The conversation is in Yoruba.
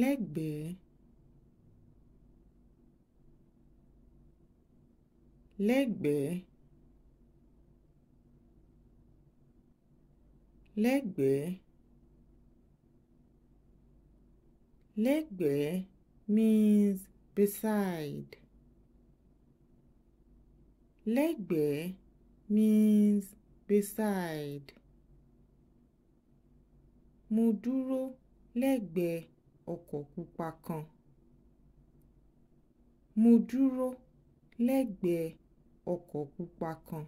lẹ́gbẹ̀ẹ́ lẹ́gbẹ̀ẹ́ lẹ́gbẹ̀ẹ́ lẹ́gbẹ̀ẹ́ means beside lẹ́gbẹ̀ẹ́ means beside mo dúró lẹ́gbẹ̀ẹ́ ọkọ̀ pupa kan mo dúró lẹ́gbẹ̀ẹ́ ọkọ̀ pupa kan